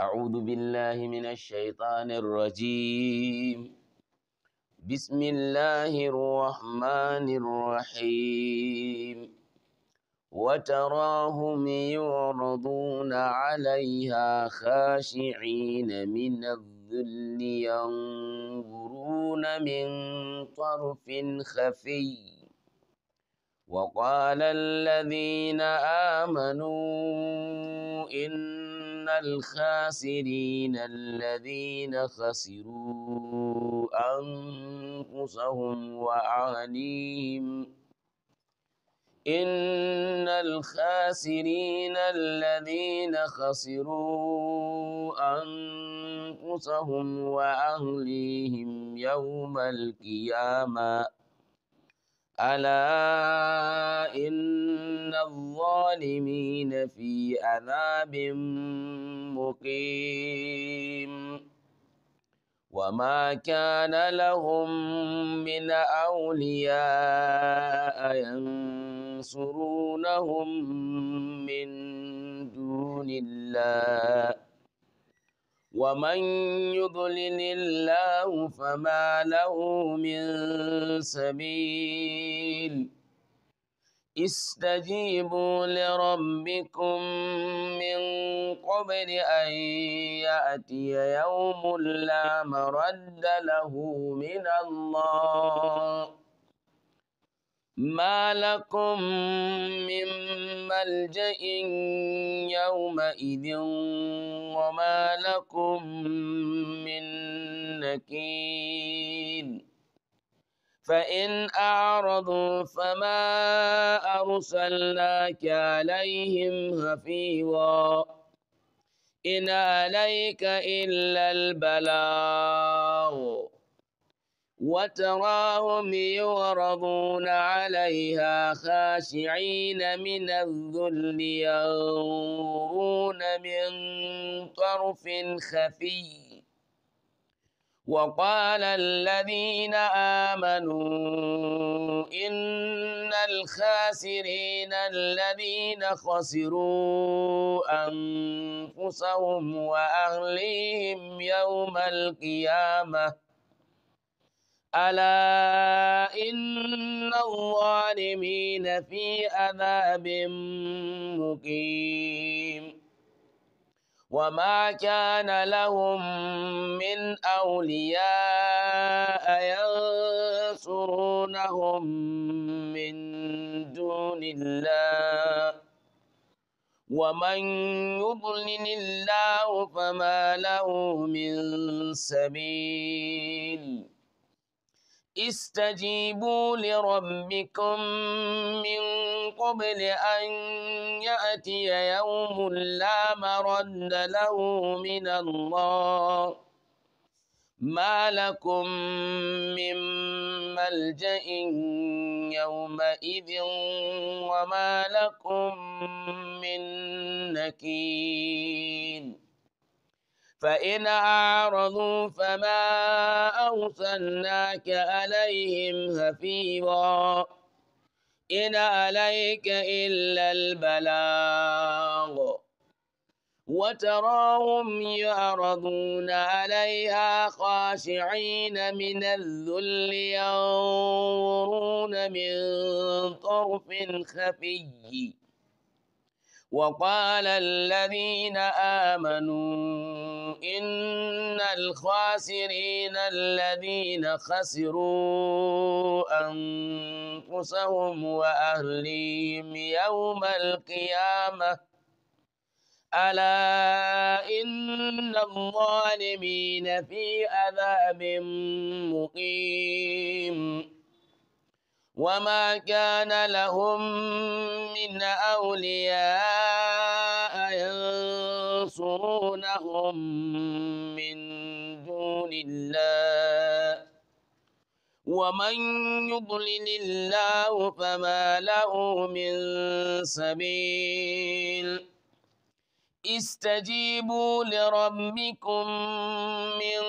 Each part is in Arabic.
أعوذ بالله من الشيطان الرجيم بسم الله الرحمن الرحيم وتراهم يعرضون عليها خاشعين من الذل ينظرون من طرف خفي وقال الذين آمنوا إن إن الخاسرين الذين خسروا أنفسهم وأهليهم إن الخاسرين الذين خسروا أنفسهم وأهليهم يوم القيامة ألا إن الظالمين في عذاب مقيم وما كان لهم من أولياء ينصرونهم من دون الله ومن يضلل الله فما له من سبيل استجيبوا لربكم من قبل أن يأتي يوم لا مرد له من الله ما لكم من ملجأ يومئذ وما لكم من نكير فإن أعرضوا فما أرسلناك عليهم حفيظا إن عليك إلا البلاغ وتراهم يعرضون عليها خاشعين من الذل ينظرون من طرف خفي وقال الذين آمنوا إن الخاسرين الذين خسروا أنفسهم وأهليهم يوم القيامة ألا إن الظالمين في عذاب مقيم وما كان لهم من أولياء ينصرونهم من دون الله ومن يضلل الله فما له من سبيل استجيبوا لربكم من قبل أن يأتي يوم لا مرد له من الله ما لكم من ملجأ يومئذ وما لكم من نكير فإن أعرضوا فما أرسلناك عليهم حفيظا إن عليك إلا البلاغ وتراهم يعرضون عليها خاشعين من الذل ينظرون من طرف خفي وقال الذين آمنوا إن الخاسرين الذين خسروا أنفسهم وأهليهم يوم القيامة ألا إن الظالمين في عذاب مقيم وما كان لهم من أولياء ينصرونهم من دون الله ومن يضلل الله فما له من سبيل استجيبوا لربكم من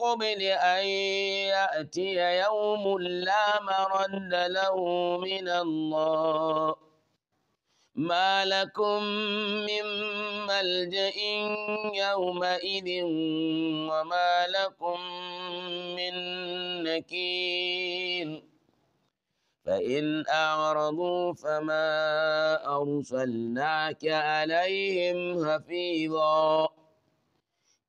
قبل أن يأتي يوم لا مرد له من الله ما لكم من ملجأ يومئذ وما لكم من نكير فإن أعرضوا فما أرسلناك عليهم حفيظا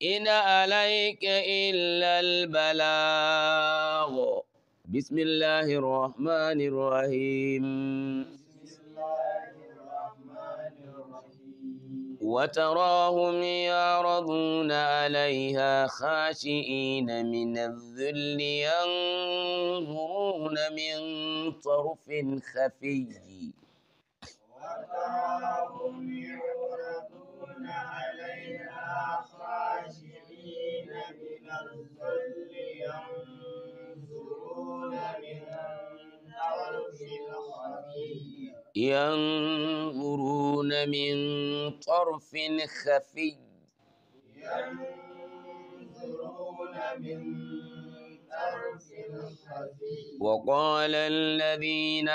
إن عليك إلا البلاغ بسم الله الرحمن الرحيم وتراهم يعرضون عليها خاشئين من الذل ينظرون من طرف خفي وتراهم يعرضون عليها من الذل ينظرون من طرف خفي ينظرون من طرف خفي ينظرون من طرف خفي وقال الذين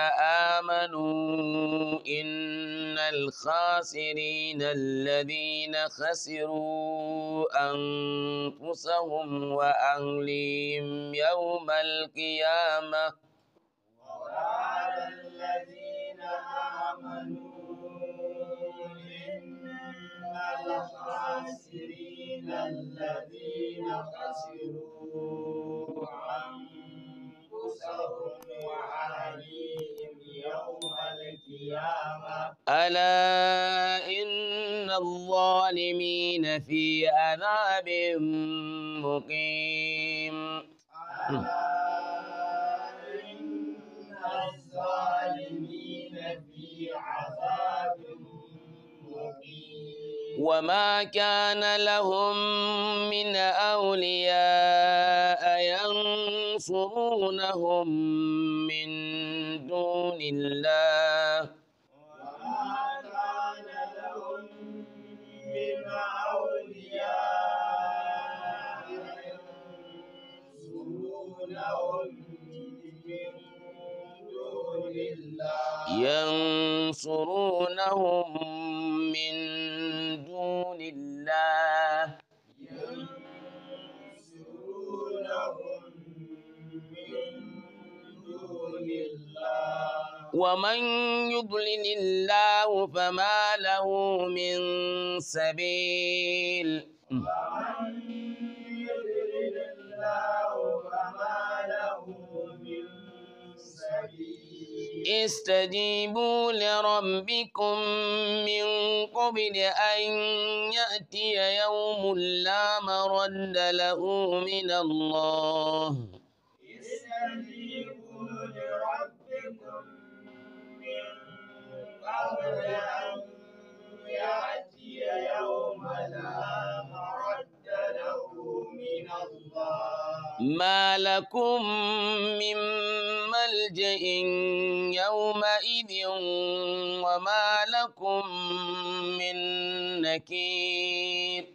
آمنوا إن الخاسرين الذين خسروا أنفسهم وأهليهم يوم القيامة وقال الخاسرين الذين خسروا أنفسهم وأهليهم يوم القيامة ألا إن الظالمين في عذاب مقيم ألا وما كان لهم من أولياء ينصرونهم من دون الله وما كان لهم من أولياء ينصرونهم من دون الله ينصرونهم من ومن يضلل الله فما له من سبيل استجيبوا لربكم من قبل أن يأتي يوم لا مرد له من الله ما لكم من ملجأ يومئذ وما لكم من نكير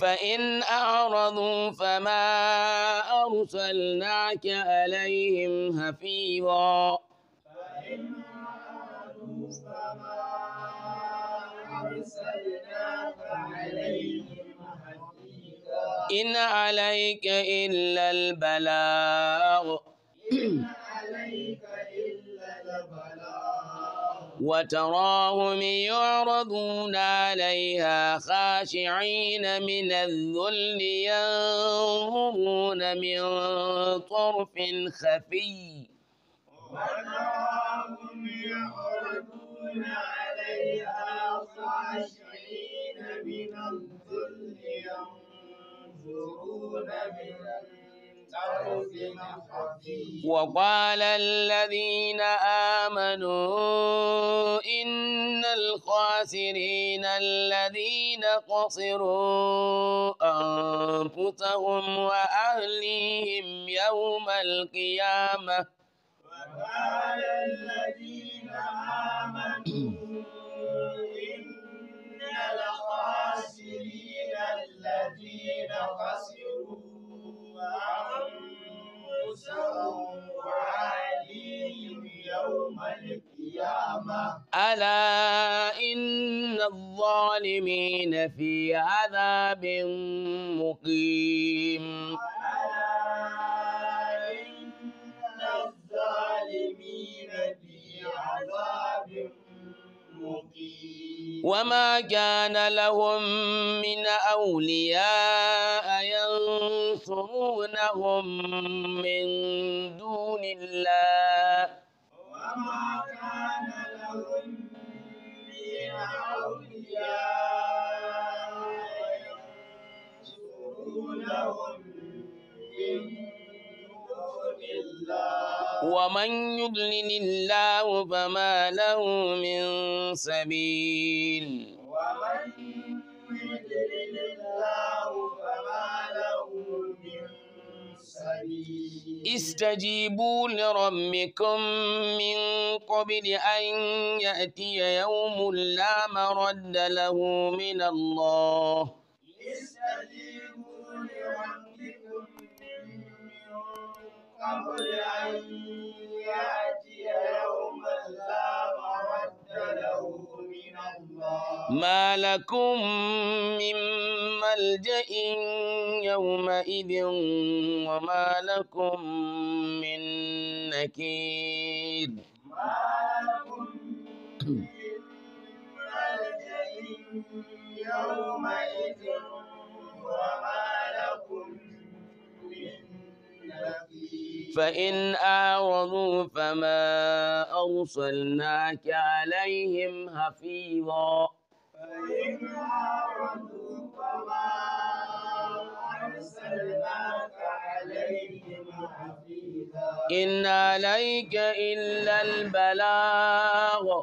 فإن أعرضوا فما أرسلناك عليهم حفيظا إن عليك إلا البلاغ وتراهم يعرضون عليها خاشعين من الذل ينظرون من طرف خفي وتراهم يعرضون عليها خاشعين من الذل ينظرون من وقال الذين آمنوا إن الخاسرين الذين قصروا أنفسهم وأهليهم يوم القيامة وقال الذين آمنوا إن الخاسرين الذين خسروا يحشرون وعليهم يوم القيامة ألا إن الظالمين في عذاب مقيم ألا إن الظالمين في عذاب مقيم وما كان لهم من أولياء ينصرونهم من دون الله وما كان لهم من أولياء من دون الله ومن يضلل الله فما له من سبيل استجيبوا لربكم من قبل أن يأتي يوم لا مرد له من الله استجيبوا لربكم من قبل أن يأتي يوم لا مرد له ما لكم من ملجأ يومئذ وما لكم من نكير ما لكم فإن أعرضوا فما أرسلناك عليهم حفيظا فما أرسلناك عليهم إن عليك إلا البلاغ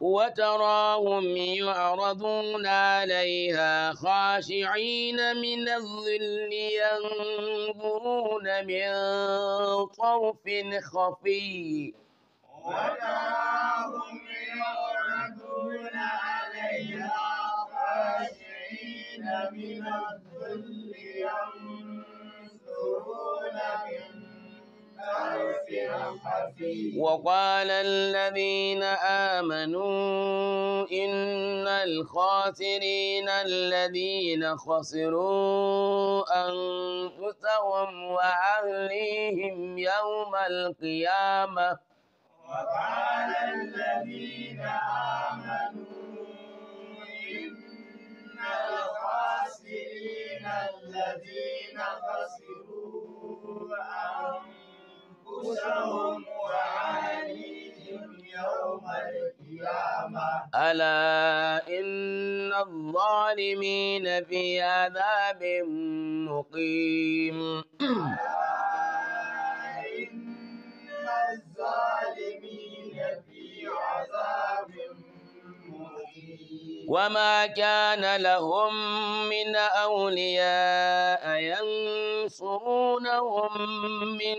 وتراهم يعرضون عليها خاشعين من الظل ينظرون من طرف خفي وتراهم يعرضون عليها خاشعين من الظل ينظرون وقال الذين آمنوا إن الخاسرين الذين خسروا أنفسهم وأهليهم يوم القيامة وقال الذين آمنوا إن الخاسرين الذين خسروا أنفسهم يوم القيامة ألا إن الظالمين في عذاب مقيم ألا إن الظالمين في عذاب مقيم وما كان لهم من أولياء ينصرونهم من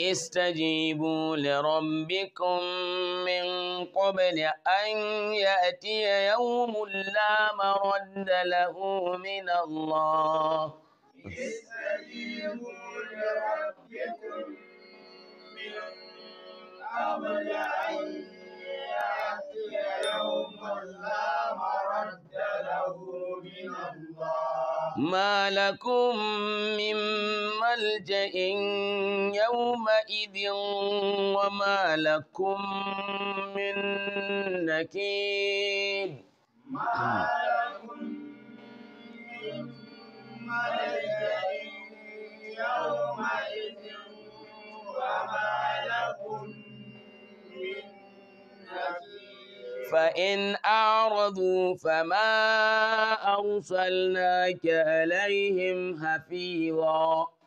استجيبوا لربكم من قبل أن يأتي يوم لا مرد له من الله استجيبوا لربكم من قبل أن يأتي يوم لا مرد له من الله ما لكم من ملجأ يومئذ وما لكم من نكير ما من ملجأ فإن أعرضوا فما أرسلناك عليهم حفيظا